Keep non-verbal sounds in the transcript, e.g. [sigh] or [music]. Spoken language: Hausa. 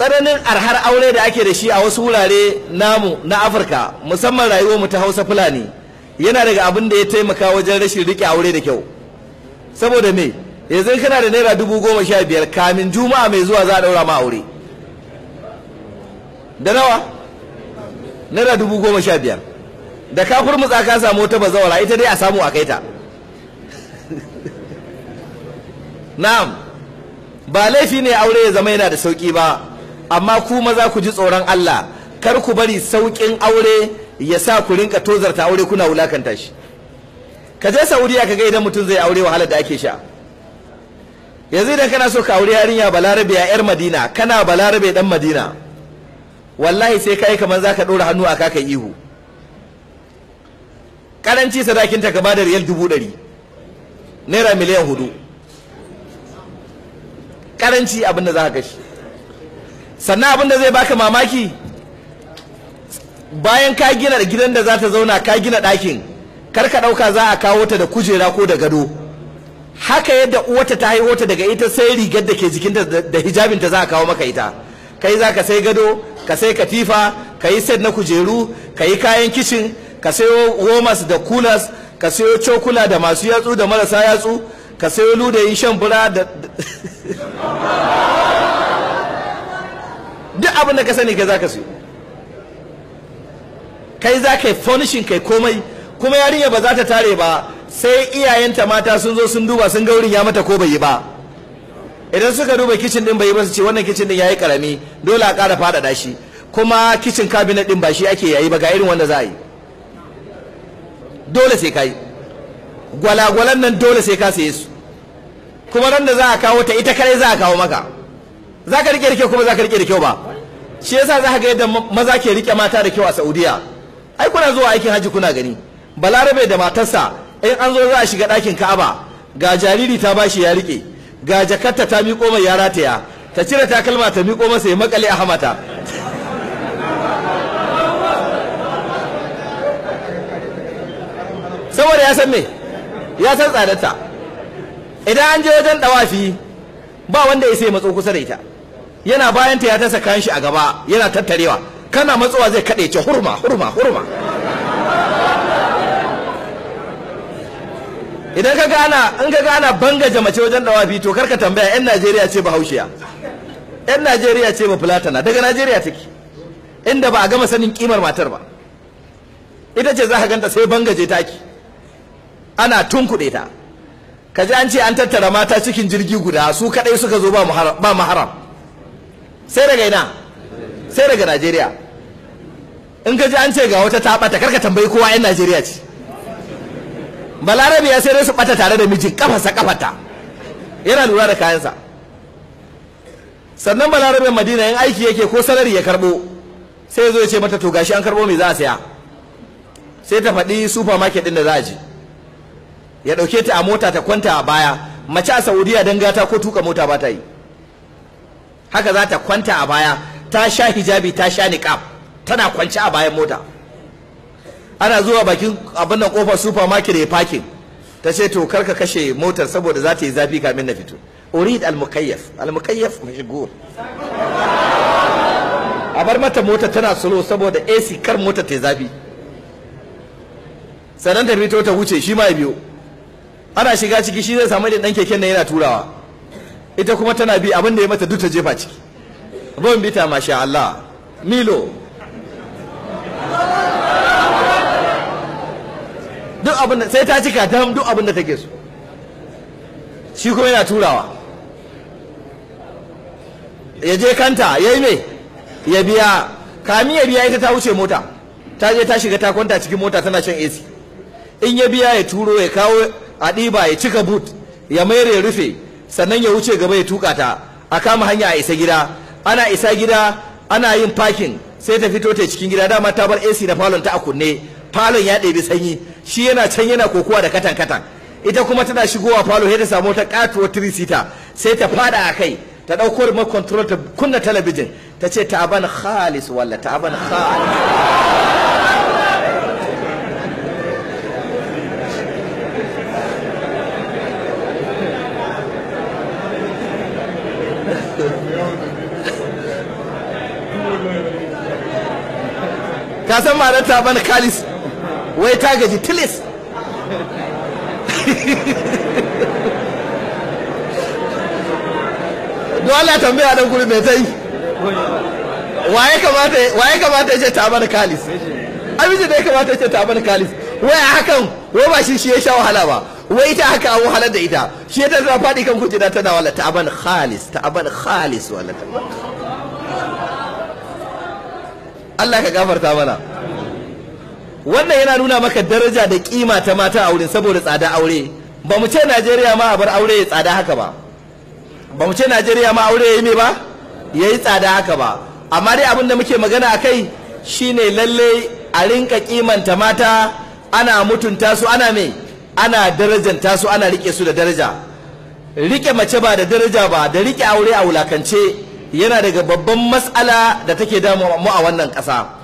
tsananin arhar aure da ake da shi a wasu wurare namu na afirka musamman rayuwarmu ta hausa fulani yana daga abin da ya taimaka wajen rashin riƙe aure da kyau saboda me yanzu kana da naira dubu goma sha biyar kamin juma'a mai zuwa za a ɗaura ma aure da nawa naira dubu goma sha biyar da ka kurmutsa ka samu wata bazawara ita dai a samu a kai ta [laughs] na'am ba laifi ne aure ya zama yana da sauki ba amma ku maza ku ji tsoron Allah kar ku bari sauƙin aure ya sa ku rinka tozarta aure kuna wulakanta shi ka je Saudiya ka ga idan mutum zai aure wahalar da ake sha yanzu idan kana so ka aure yarinya balarabe a yar madina kana balarabe dan madina wallahi sai kai kamar zaka ɗora hannu a kaka ihu karanci sadakinta ka bada riyal dubu ɗari naira miliyan hudu karanci abin da za ka kashi sannan abin da zai baka mamaki bayan ka gina gidan da za ta zauna ka gina ɗakin kar ka ɗauka za a kawo ta da kujera ko da gado haka yadda uwata ta haihu ta daga ita sai rigar da ke jikinta da ta za a kawo maka ita kai za ka sai gado ka sai katifa ka yi set na kujeru ka yi kayan kicin ka sayo womas da kulas ka sayo cokula da masu yatsu da marasa yatsu ka sayo ludayin shan bura da [laughs] duk abin da ka sani kai zaka so kai za ka yi furnishing kai komai kuma yarinya ba za ta tare ba sai iyayenta mata sun zo sun duba sun ga wurin ya mata ko bai yi ba idan suka duba kicin din bai yi ba su ce wannan kicin din yayi karami dole a ƙara faɗaɗa shi kuma kicin cabinet din ba shi ake yayi ba ga irin wanda za a yi dole sai ka yi gwalagwalan nan dole sai ka saye su kuma ran da za a kawo ta ita kare za a kawo maka za ka rike da kyau kuma za ka rike da kyau ba shi yasa za ga yadda maza ke rike mata da kyau a Saudiya ai kuna zuwa aikin haji kuna gani balarabe da matarsa in an zo za a shiga ɗakin Ka'aba ga jariri ta bashi ya rike ga jakarta ta miƙo mai ya rataya ta cire takalma ta miƙo masa ya makale a hamata saboda ya san me ya san tsadarta idan an je wajen ɗawafi ba wanda ya sai matso kusa da ita yana bayan ta ya ta kayan shi a gaba yana tattarewa kana matsowa zai kaɗe ce hurma hurma hurma idan ka gana in ka gana bangaje mace wajen dawafi to karka tambaya yan Najeriya ce bahaushiya yan Najeriya ce ba bafulatana daga Najeriya take inda ba a gama sanin kimar matar ba ita ce za ka ganta sai bangaje taki ana tunkuɗe ta ka ji an ce an tattara mata cikin jirgi guda su kaɗai suka zo ba maharam sai daga ina sai daga najeriya in ka ji an ce ga wata ta bata karka tambayi kowa yan najeriya ce balarabe ya sai dai su bata tare da mijin kafasa kafata yana lura da kayansa sannan balarabe madina yin aiki yake ko salari ya karbo sai ya zo ya ce mata to gashi an karbo mai za a saya sai ta faɗi supermarket ɗin da za a je ya ɗauke ta a mota ta kwanta a baya mace a saudiya don gata ko tuka mota ba ta yi haka za ta kwanta a baya ta sha hijabi ta sha niqab tana kwance a bayan mota ana zuwa bakin abin nan kofar supermarket ya parking ta ce to karka kashe motar saboda za ta yi zafi kamin na fito urid al-mukayyaf al-mukayyaf a bar mata mota tana solo saboda AC kar mota ta zafi sannan ta fito ta wuce shi ma ya biyo ana shiga ciki shi zai samu da dan keken nan yana turawa ita kuma tana bi abin da ya mata duk ta jefa ciki ruwan bita masha Allah milo duk abin da sai ta cika ta duk abin da take so shi kuma yana turawa ya je kanta ya yi me ya biya kami ya biya ita ta wuce mota ta je ta shiga ta kwanta cikin mota tana shan AC in ya biya ya turo ya kawo a ɗiba ya cika boot ya mayar ya rufe sannan ya wuce gaba ya tuka ta a kama hanya a isa gida ana isa gida ana yin parking sai ta fito ta cikin gida dama ta bar AC na falon ta a kunne falon ya ɗebi sanyi shi yana can yana kokowa da katan katan ita kuma tana shigowa falo sai ta samu ta katuwa tirisita sai ta fada a kai ta ɗauko remote control ta kunna talabijin ta ce ta ta'aban khalis walla ban khalis ka san marar ta bani kalis wai ta gaji tilis dole tambaya dan guri mai tai waye kamata kamata ya ce ta bani kalis abinci da ya kamata ya ce ta bani kalis wai hakan wai ba shi shi ya sha wahala ba wai ita haka a wahalar da ita shi ta tana faɗi kan kujera tana wala ta aban kalis ta aban kalis wala ta Allah ka gafarta mana wannan yana nuna maka daraja da kima ta mata aure saboda tsada aure ba mu ce Najeriya ma a bar aure ya tsada haka ba ba mu ce Najeriya ma aure ya yi me ba Ya yi tsada haka ba amma dai abin da muke magana a kai shine lallai a rinka kimanta mata ana mutunta su ana me ana darajanta su ana rike su da daraja rike mace ba da daraja ba da rike aure a wulakance yana daga babban matsala da take damu mu a wannan ƙasa